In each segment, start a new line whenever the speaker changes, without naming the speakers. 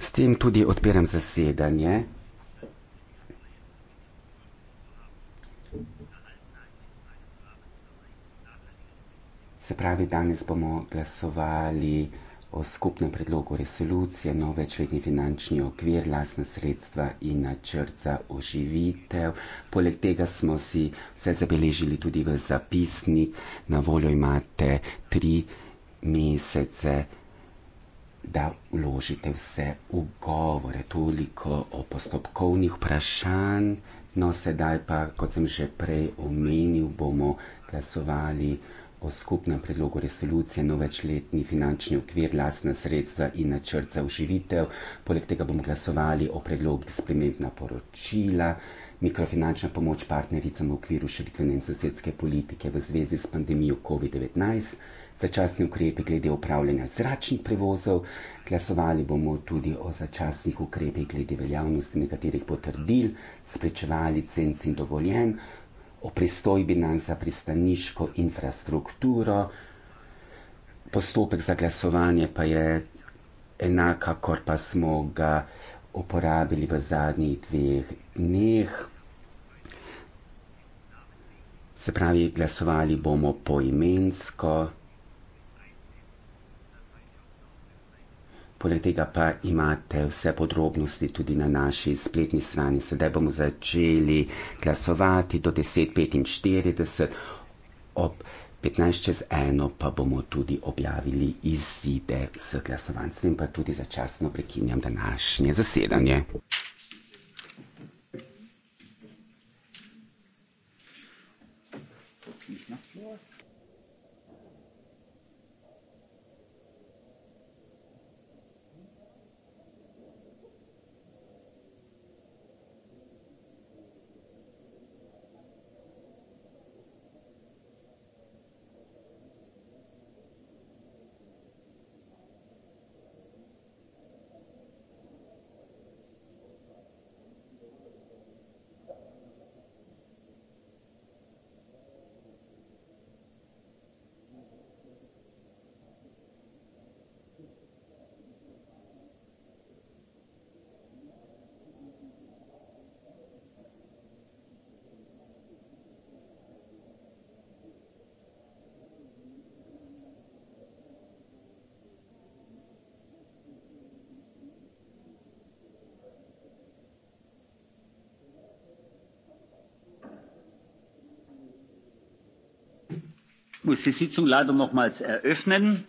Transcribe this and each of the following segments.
S tem tudi odpiram zasedanje. Se pravi, danes bomo glasovali o skupnem predlogu resolucije, nov večletni finančni okvir, lasna sredstva in načrt za oživitev. Poleg tega smo si vse zabeležili tudi v zapisnik. Na voljo imate tri mesece da vložite vse v govore, toliko o postopkovnih vprašanj. No, sedaj pa, kot sem že prej omenil, bomo glasovali o skupnem predlogu resolucije, novečletni finančni okvir, lasna sredstva in načrt za uživitev. Poleg tega bomo glasovali o predlogih sprememb na poročila, mikrofinančna pomoč partnericam v okviru širitvene in sosedske politike v zvezi s pandemijo COVID-19 začasni ukrepi glede upravljanja zračnih prevozov, glasovali bomo tudi o začasnih ukrepi glede veljavnosti nekaterih potrdil, sprečevali cenc in dovoljen, o pristojbi nam za pristaniško infrastrukturo. Postopek za glasovanje pa je enak, kot pa smo ga uporabili v zadnjih dveh dneh. Se pravi, glasovali bomo poimensko. Poleg tega pa imate vse podrobnosti tudi na naši spletni strani. Sedaj bomo začeli glasovati do 10.45, ob 15.01 pa bomo tudi objavili izide z glasovanjem, pa tudi začasno prekinjam današnje zasedanje.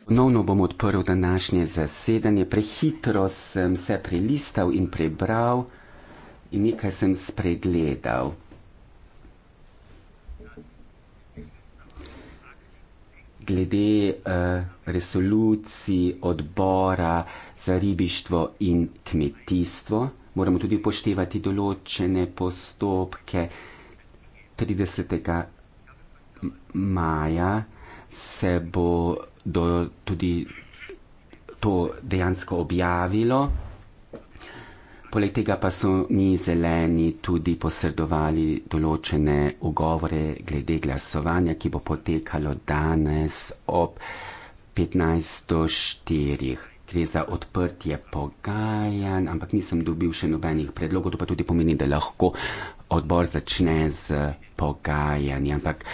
Ponovno bom odprl današnje zasedanje. Prehitro sem se prelistal in prebral in nekaj sem spregledal. Glede eh, resoluciji odbora za ribištvo in kmetijstvo moramo tudi upoštevati določene postopke 30 maja se bo do, tudi to dejansko objavilo. Poleg tega pa so mi zeleni tudi posredovali določene ugovore glede glasovanja, ki bo potekalo danes ob 15.04. Gre za odprtje pogajanj, ampak nisem dobil še nobenih predlogov, to pa tudi pomeni, da lahko odbor začne z pogajanji. Ampak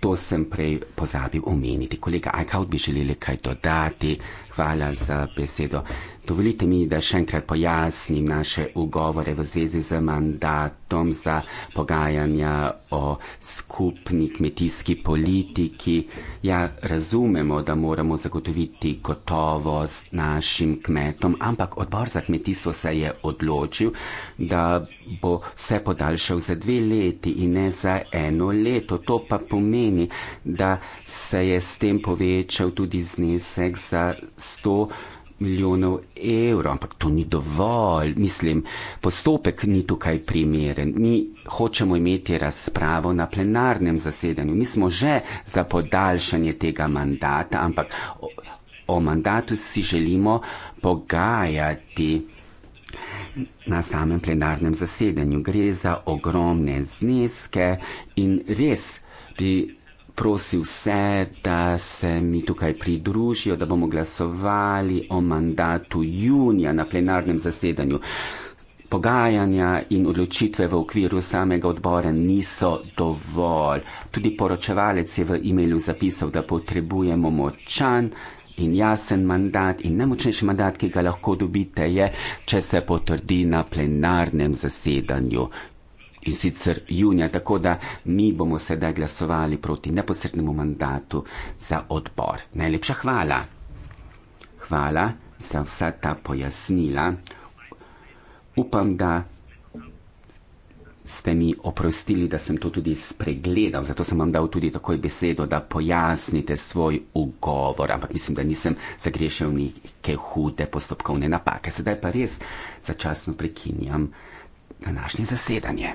To sem prej pozabil omeniti. Kolega Ajkaut bi želeli kaj dodati, Hvala za besedo. Dovolite mi, da še enkrat pojasnim naše ugovore v zvezi z mandatom za pogajanja o skupni kmetijski politiki. Ja, razumemo, da moramo zagotoviti gotovost našim kmetom, ampak odbor za kmetijstvo se je odločil, da bo vse podaljšal za dve leti in ne za eno leto. To pa pomeni, da se je s tem povečal tudi znesek za 100 milijonov evrov, ampak to ni dovolj. Mislim, postopek ni tukaj primeren. Mi hočemo imeti razpravo na plenarnem zasedanju. Mi smo že za podaljšanje tega mandata, ampak o, o mandatu si želimo pogajati na samem plenarnem zasedanju. Gre za ogromne zneske in res bi prosi vse, da se mi tukaj pridružijo, da bomo glasovali o mandatu junija na plenarnem zasedanju. Pogajanja in odločitve v okviru samega odbora niso dovolj. Tudi poročevalec je v e-mailu zapisal, da potrebujemo močan in jasen mandat in najmočnejši mandat, ki ga lahko dobite, je, če se potrdi na plenarnem zasedanju in sicer junija, tako da mi bomo sedaj glasovali proti neposrednemu mandatu za odbor. Najlepša hvala. Hvala za vsa ta pojasnila. Upam, da ste mi oprostili, da sem to tudi spregledal, zato sem vam dal tudi takoj besedo, da pojasnite svoj ugovor, ampak mislim, da nisem zagrešil neke hude postopkovne napake. Sedaj pa res začasno prekinjam današnje zasedanje.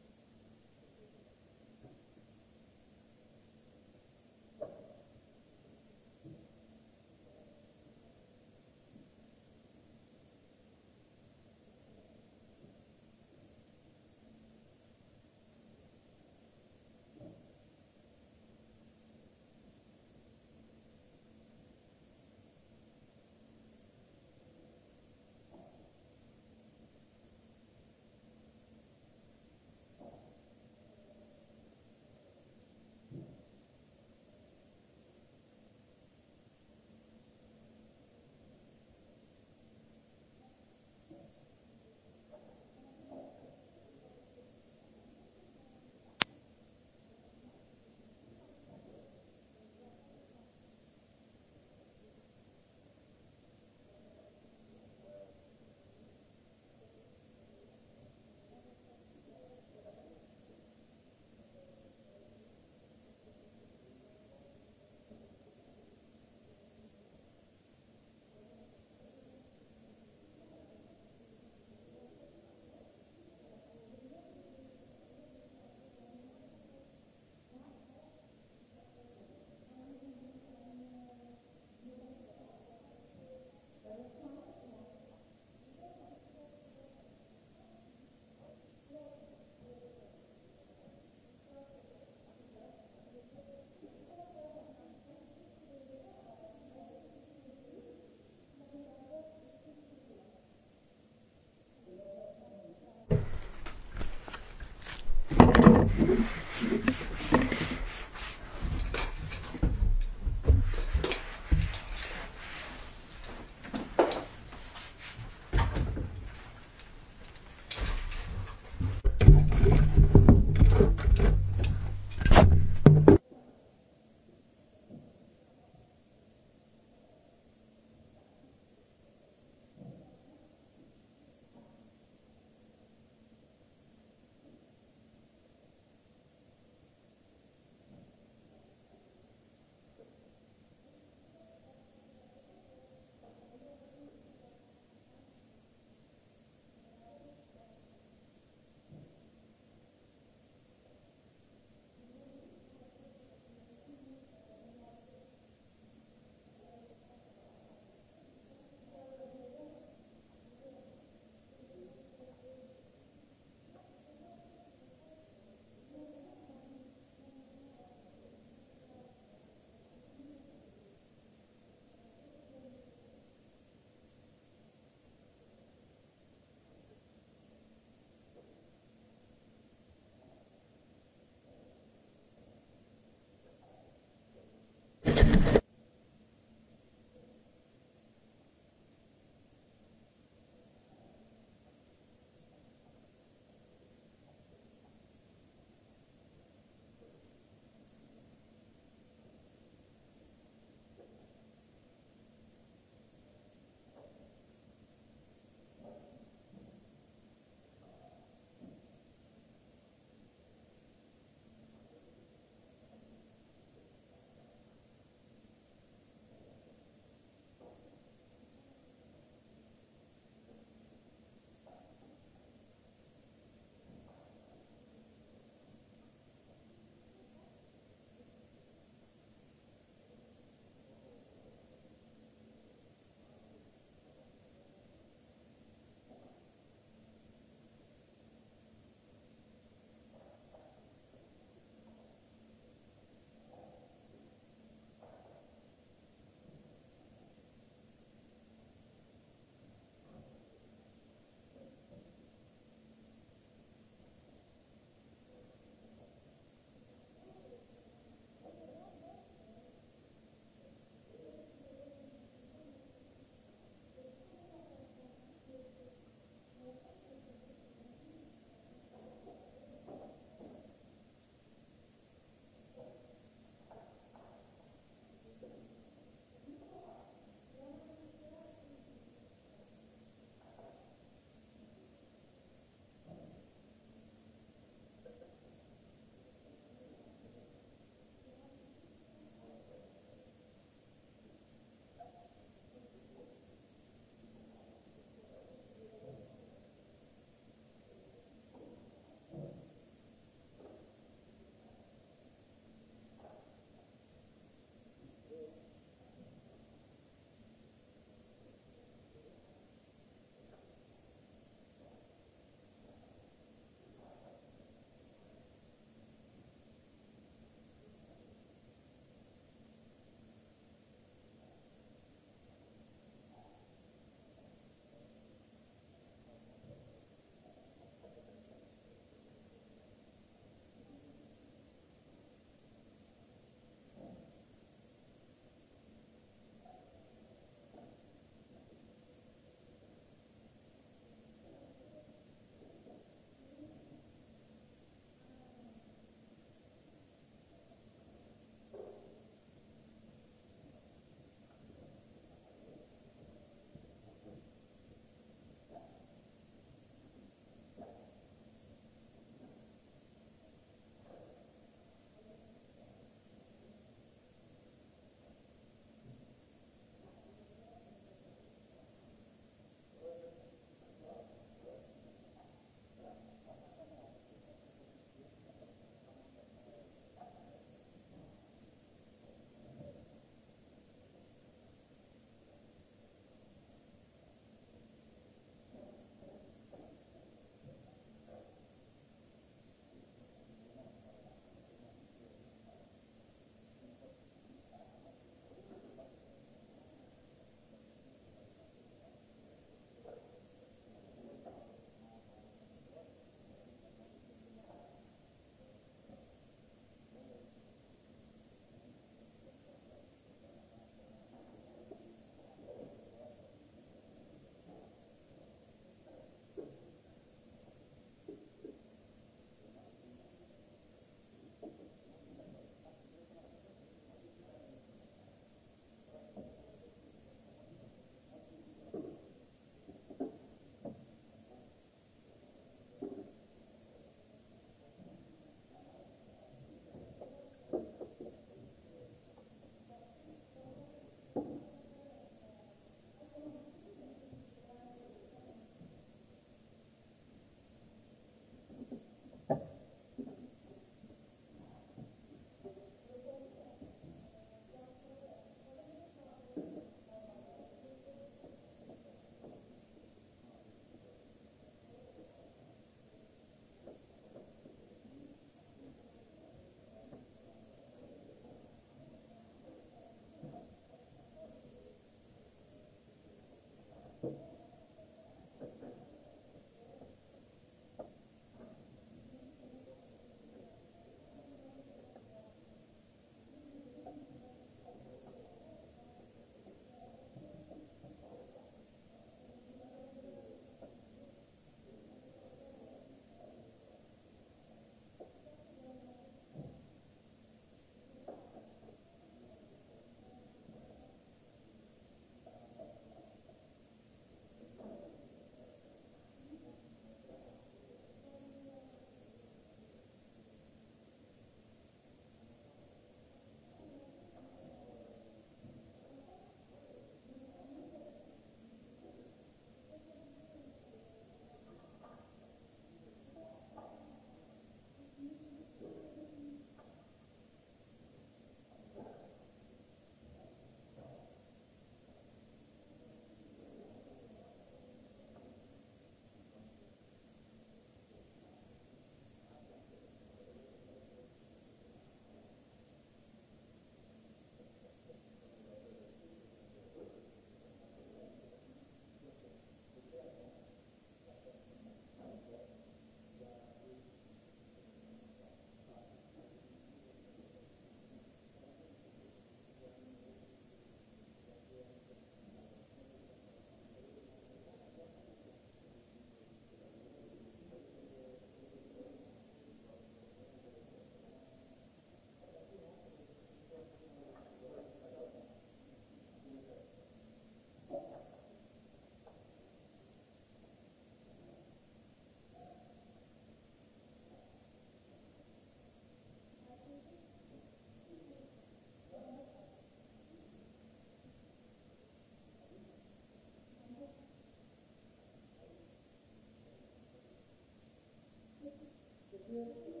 Thank you.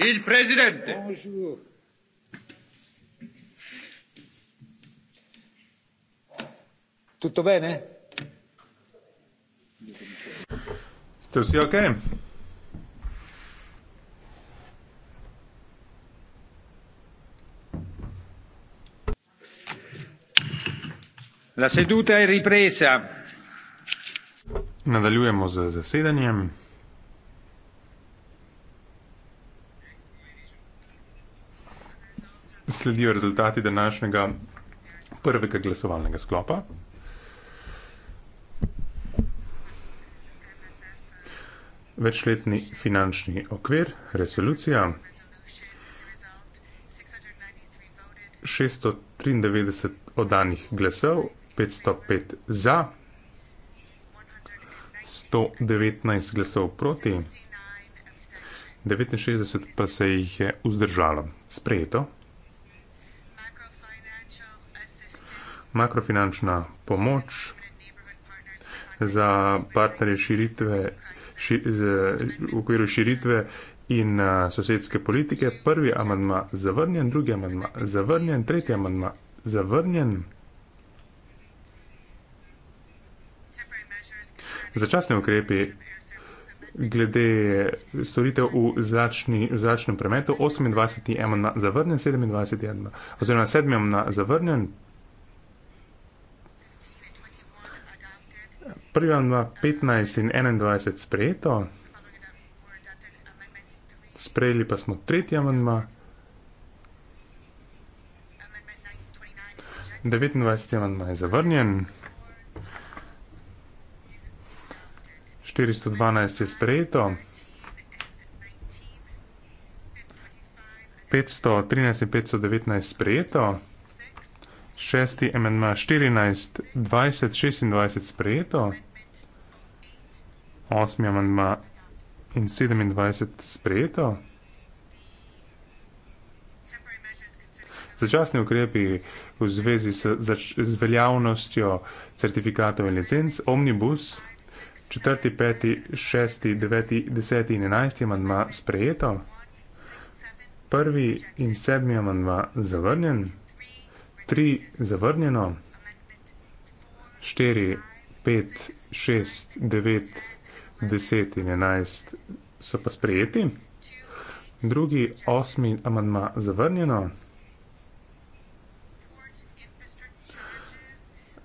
Il Presidente.
Bonjour.
Tutto bene? Still see okay?
La seduta è ripresa.
Nadaljujemo z zasedanjem. sledijo rezultati današnjega prvega glasovalnega sklopa. Večletni finančni okvir, resolucija. 693 oddanih glasov, 505 za, 119 glasov proti, 69 pa se jih je vzdržalo. Sprejeto. makrofinančna pomoč za partnerje širitve, ši, z, v okviru širitve in a, eh, sosedske politike. Prvi amandma zavrnjen, drugi amandma zavrnjen, tretji amandma zavrnjen. Začasni ukrepi glede storitev v, zračni, v zračnem premetu 28. amandma zavrnjen, 27. amandma oziroma 7. amandma zavrnjen, prvi vam ima 15 in 21 sprejeto. Sprejeli pa smo tretji amandma. 29. amandma je zavrnjen. 412 je sprejeto. 513 in 519 sprejeto. 6. amandma 14, 20, 26 sprejeto osmi amandma in 27 sprejeto. Začasni ukrepi v zvezi s zač, veljavnostjo certifikatov in licenc Omnibus 4., 5., 6., 9., 10. in 11. amandma sprejeto, 1. in 7. amandma zavrnjen, 3. zavrnjeno, 4., 5., 6., 9. 10 in 11 so pa sprejeti, drugi 8 amandma zavrnjeno.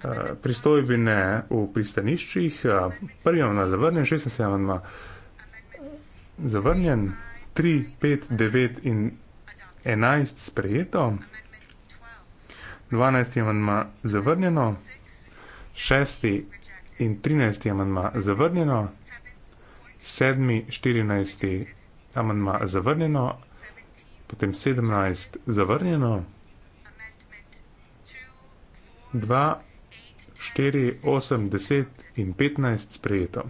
Eh, Pristojbine v pristaniščih, eh, prvi amandma zavrnjen, 16 amandma eh, zavrnjen, 3, 5, 9 in 11 sprejeto, 12 amandma zavrnjeno, 6 in 13 amandma zavrnjeno, 7, 14 amandma zavrnjeno, potem 17 zavrnjeno, 2, 4, 8, 10 in 15 sprejeto.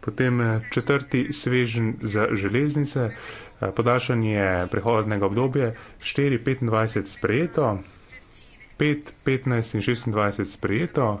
Potem eh, četrti svežen za železnice, eh, podaljšanje prehodnega obdobja, 4, 25 sprejeto, 5, 15 in 26 sprejeto,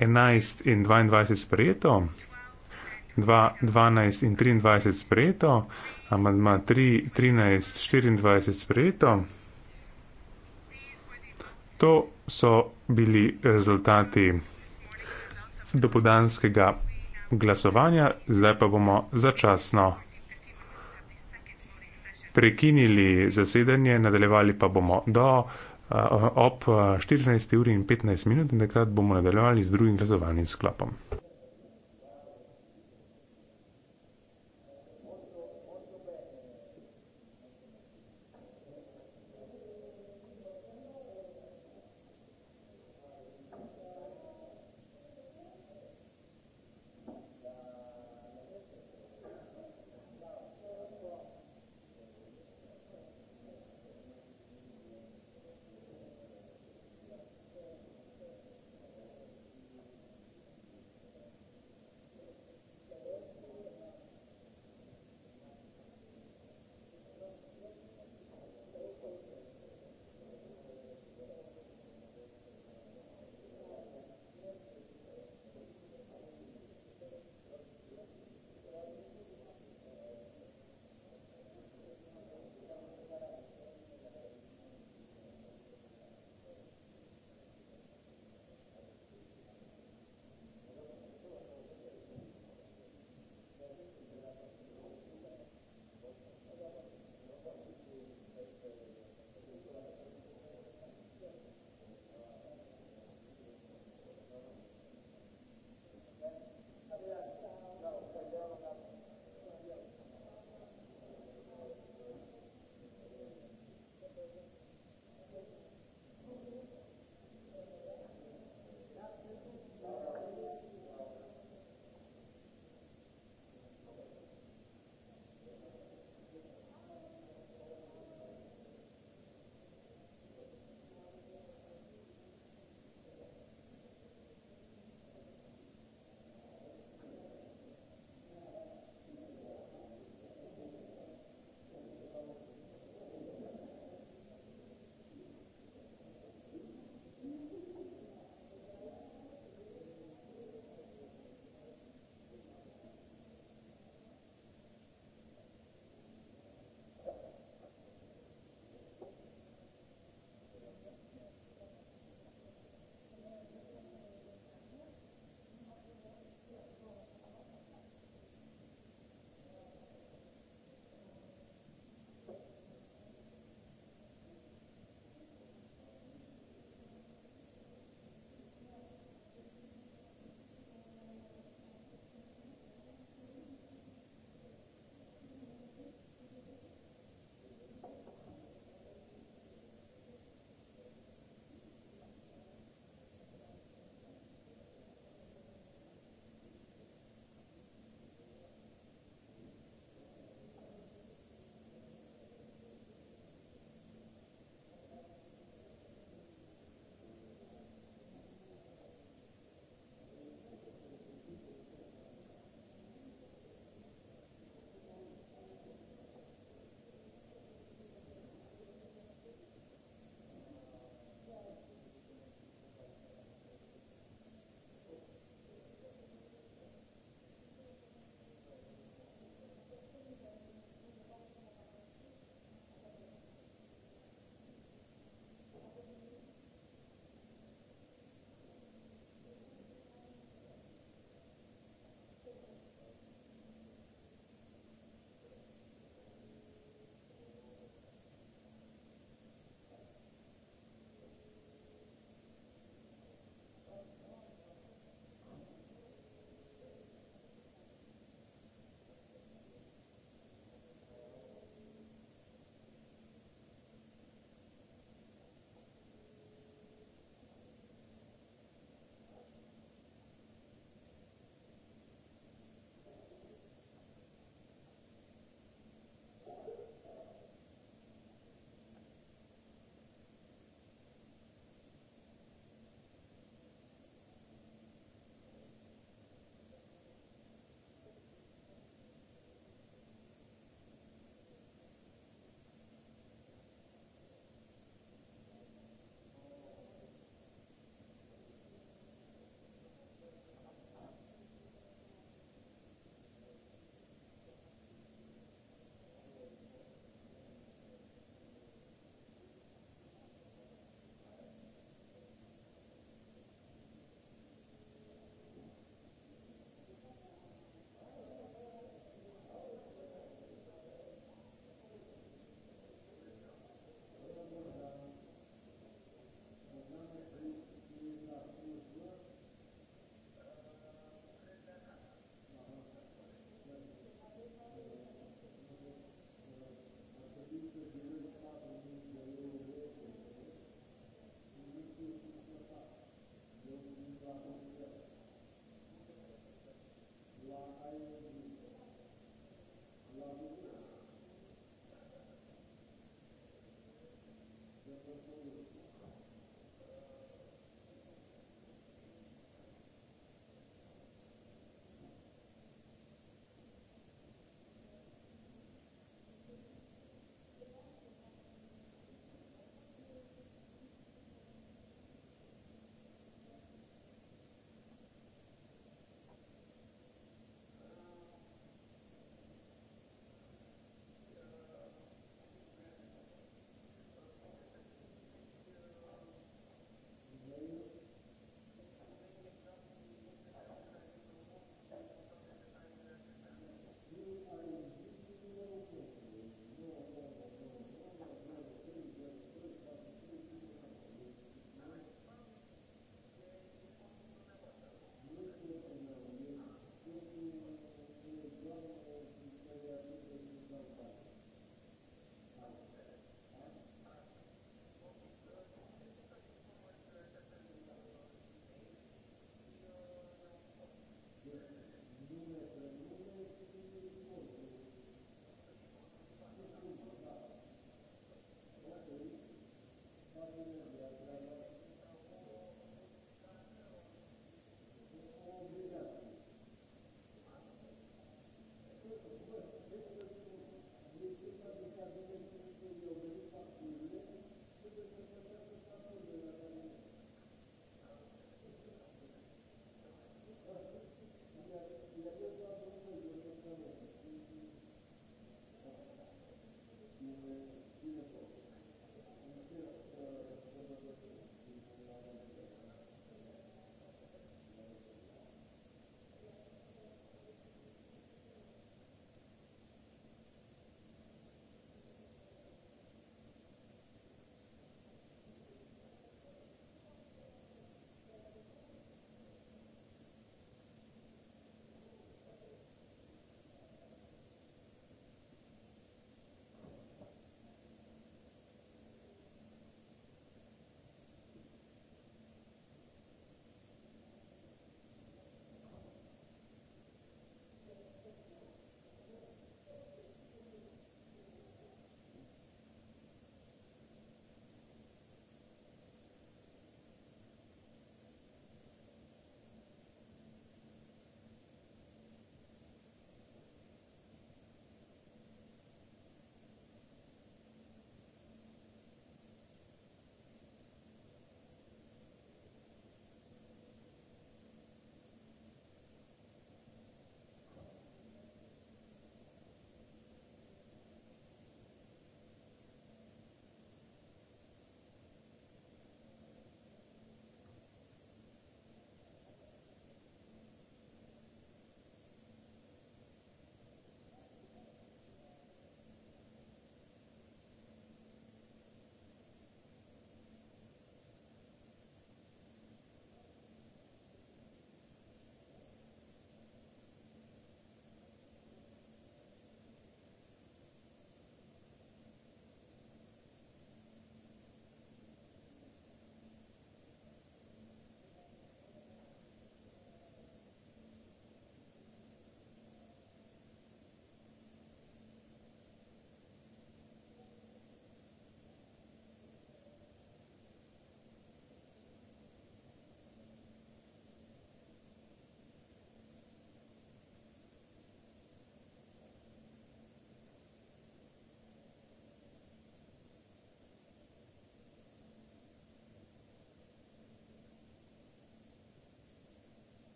11 in 22 sprejeto, 2, 12 in 23 sprejeto, amadma 3, 13, 24 sprejeto. To so bili rezultati dopodanskega glasovanja, zdaj pa bomo začasno prekinili zasedanje, nadaljevali pa bomo do ob 14.15 eh, in takrat bomo nadaljevali z drugim glasovalnim sklopom.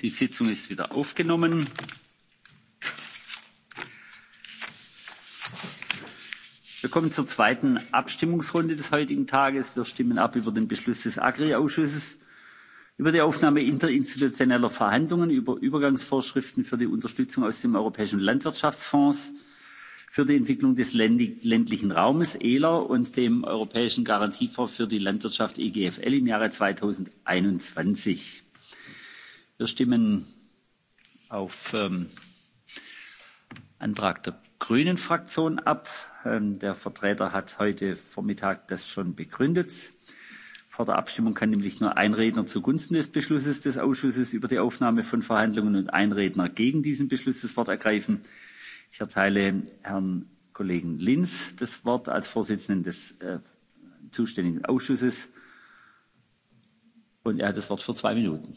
die sitzung ist wieder aufgenommen. wir kommen zur zweiten abstimmungsrunde des heutigen tages. wir stimmen ab über den beschluss des agri ausschusses über die aufnahme interinstitutioneller verhandlungen über übergangsvorschriften für die unterstützung aus dem europäischen landwirtschaftsfonds für die entwicklung des ländlichen raumes und dem europäischen garantiefonds für die landwirtschaft e im jahre zweitausendeinundzwanzig wir stimmen auf ähm, antrag der grünen fraktion ab. Ähm, der vertreter hat das heute vormittag schon begründet. vor der abstimmung kann nämlich nur ein redner zugunsten des beschlusses des ausschusses über die aufnahme von verhandlungen und ein redner gegen diesen beschluss das wort ergreifen. ich erteile herrn kollegen linz das wort als vorsitzenden des äh, zuständigen ausschusses und er hat das wort für zwei minuten.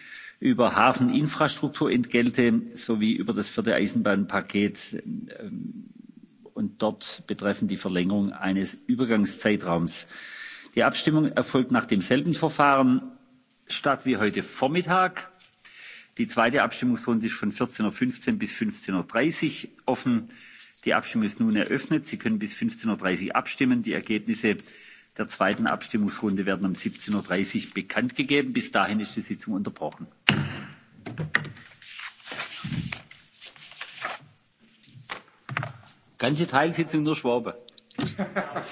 über hafeninfrastrukturentgelte sowie über das vierte eisenbahnpaket ähm, und dort betreffend die verlängerung eines übergangszeitraums. die abstimmung erfolgt nach demselben verfahren statt wie heute vormittag. die zweite abstimmungsrunde ist von. vierzehn fünfzehn bis. fünfzehn dreißig offen. die abstimmung ist nun eröffnet. sie können bis. fünfzehn dreißig abstimmen. die ergebnisse der zweiten Abstimmungsrunde werden um 17.30 Uhr bekannt gegeben. Bis dahin ist die Sitzung unterbrochen. Ganze Teilsitzung nur Schwabe.
Ja.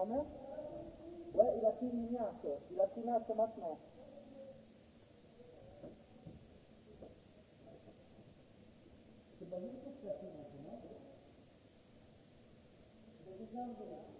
âme. Ouais, il a plus de lumière, ça. Il a plus de lumière, maintenant.
C'est pas lui qui a plus de lumière, maintenant. C'est des gens de lumière.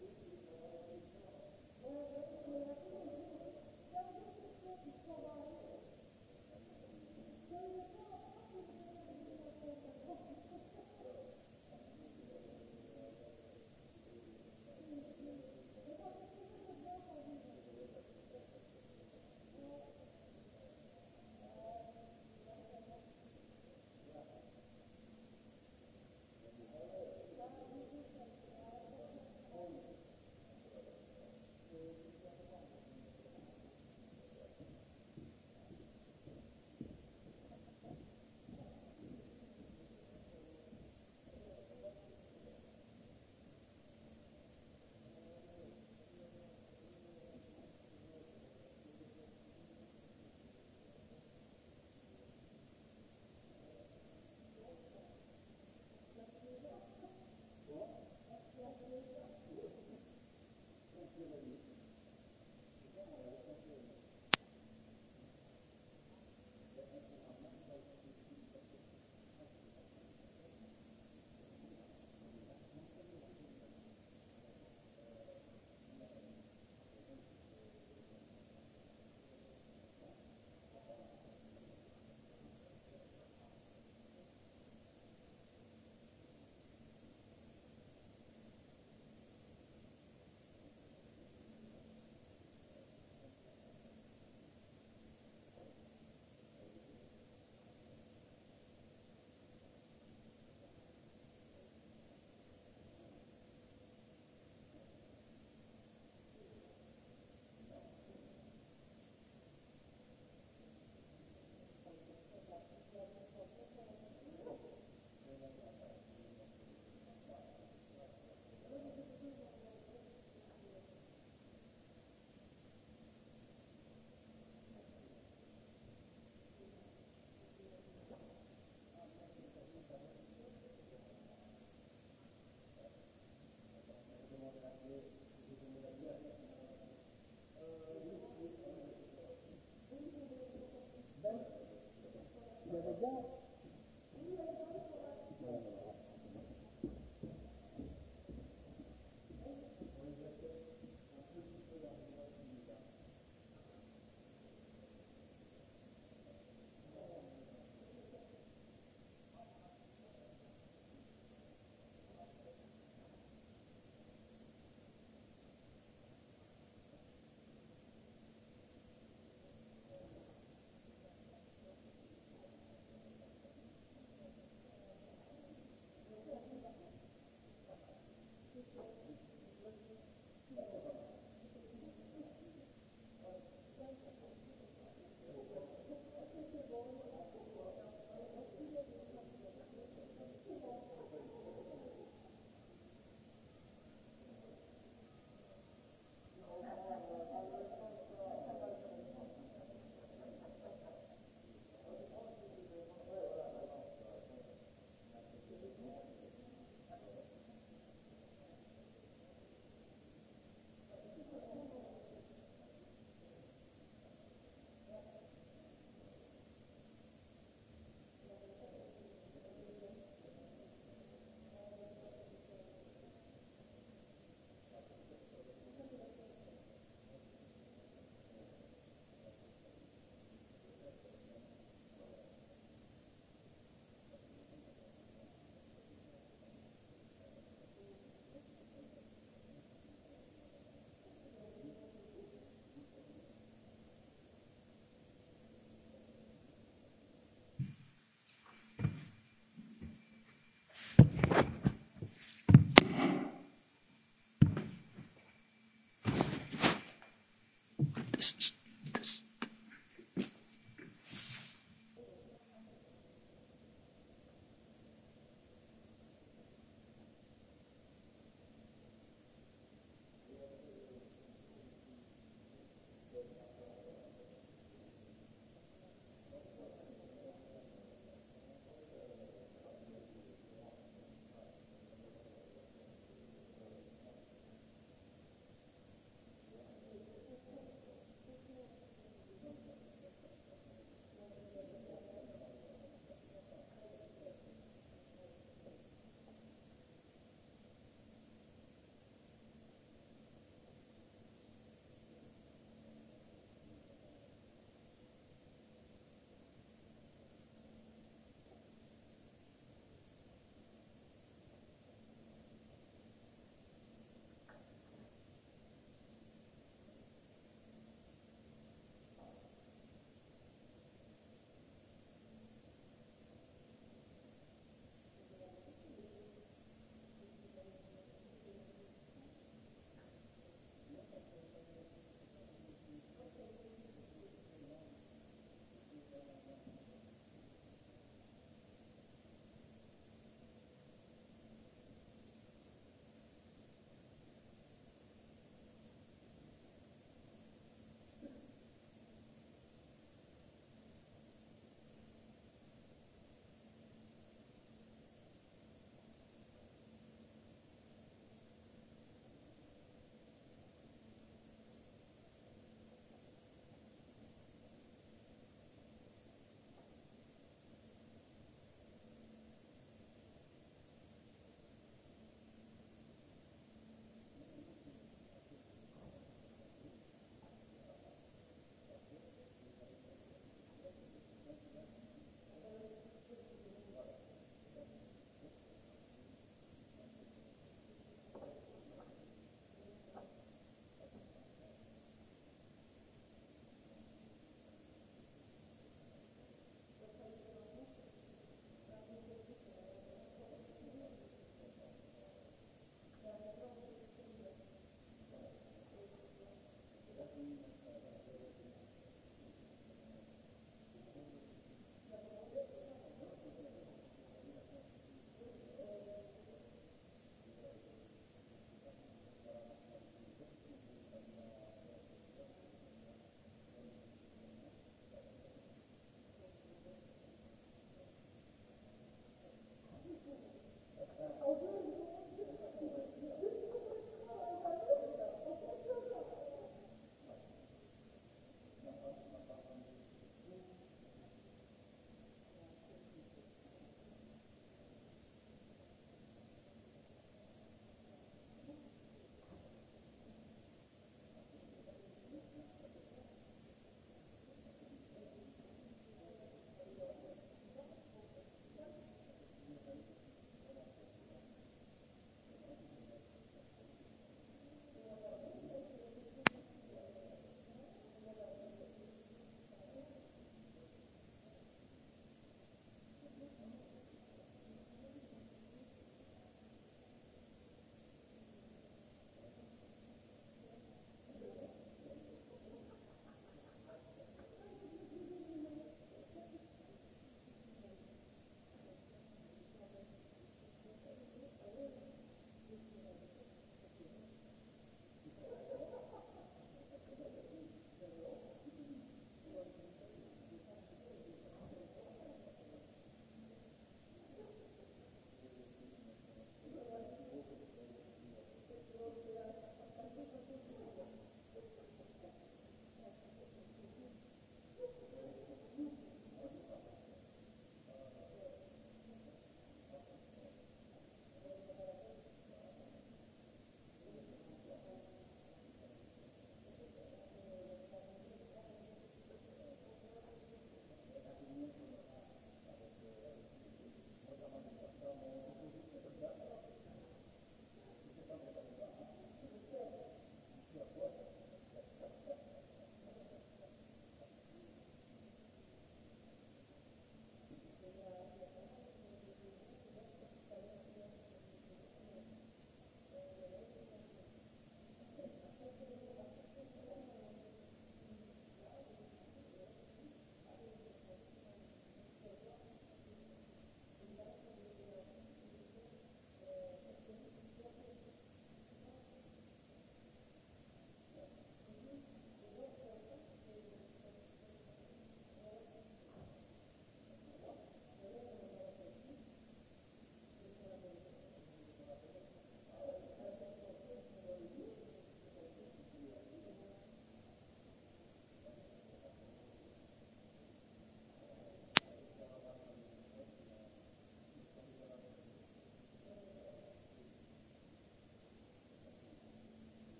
Geistes.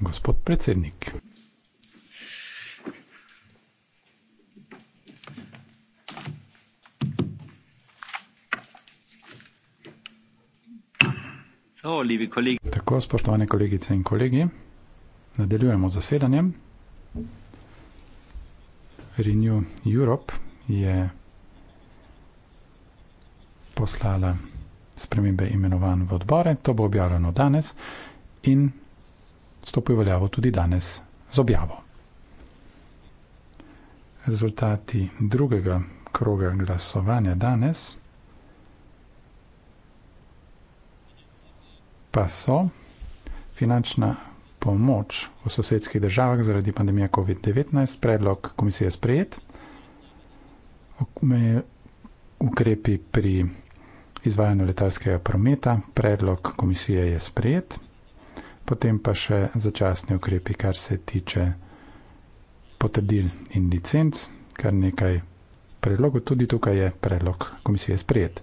Gospod predsednik. Tako, spoštovane kolegice in kolegi, nadaljujemo z zasedanjem. Renew Europe je poslala spremembe imenovan v odbore, to bo objavljeno danes in stopil v veljavo tudi danes z objavo. Rezultati drugega kroga glasovanja danes pa so finančna pomoč v sosedskih državah zaradi pandemije COVID-19, predlog komisije sprejet, ukrepi pri izvajanju letalskega prometa. Predlog komisije je sprejet, potem pa še začasni ukrepi, kar se tiče potrdil in licenc, kar nekaj predlogov, tudi tukaj je predlog komisije sprejet.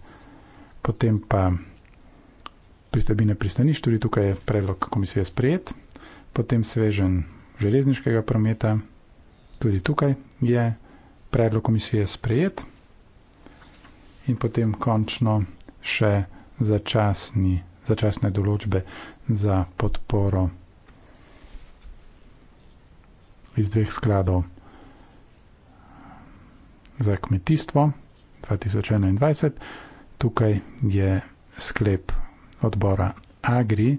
Potem pa pristojbine pristanišč, tudi tukaj je predlog komisije sprejet, potem svežen železniškega prometa, tudi tukaj je predlog komisije sprejet in potem končno še začasni, začasne določbe za podporo iz dveh skladov za kmetijstvo 2021. Tukaj je sklep odbora Agri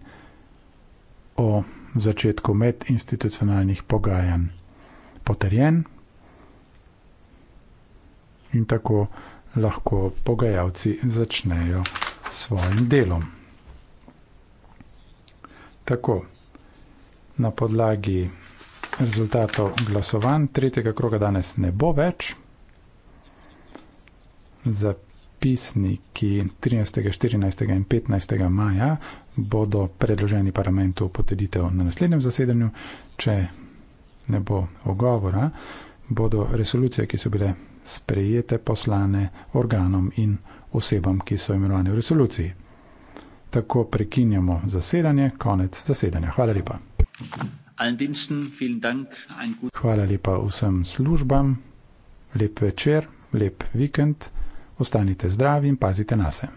o začetku medinstitucionalnih pogajanj potrjen in tako lahko pogajalci začnejo svojim delom. Tako, na podlagi rezultatov glasovanj tretjega kroga danes ne bo več. Zapisniki 13., 14. in 15. maja bodo predloženi parlamentu potreditev na naslednjem zasedanju. Če ne bo ogovora, bodo resolucije, ki so bile sprejete poslane organom in osebam, ki so imenovane v resoluciji. Tako prekinjamo zasedanje, konec zasedanja. Hvala lepa. Hvala lepa vsem službam, lep večer, lep vikend, ostanite zdravi in pazite na se.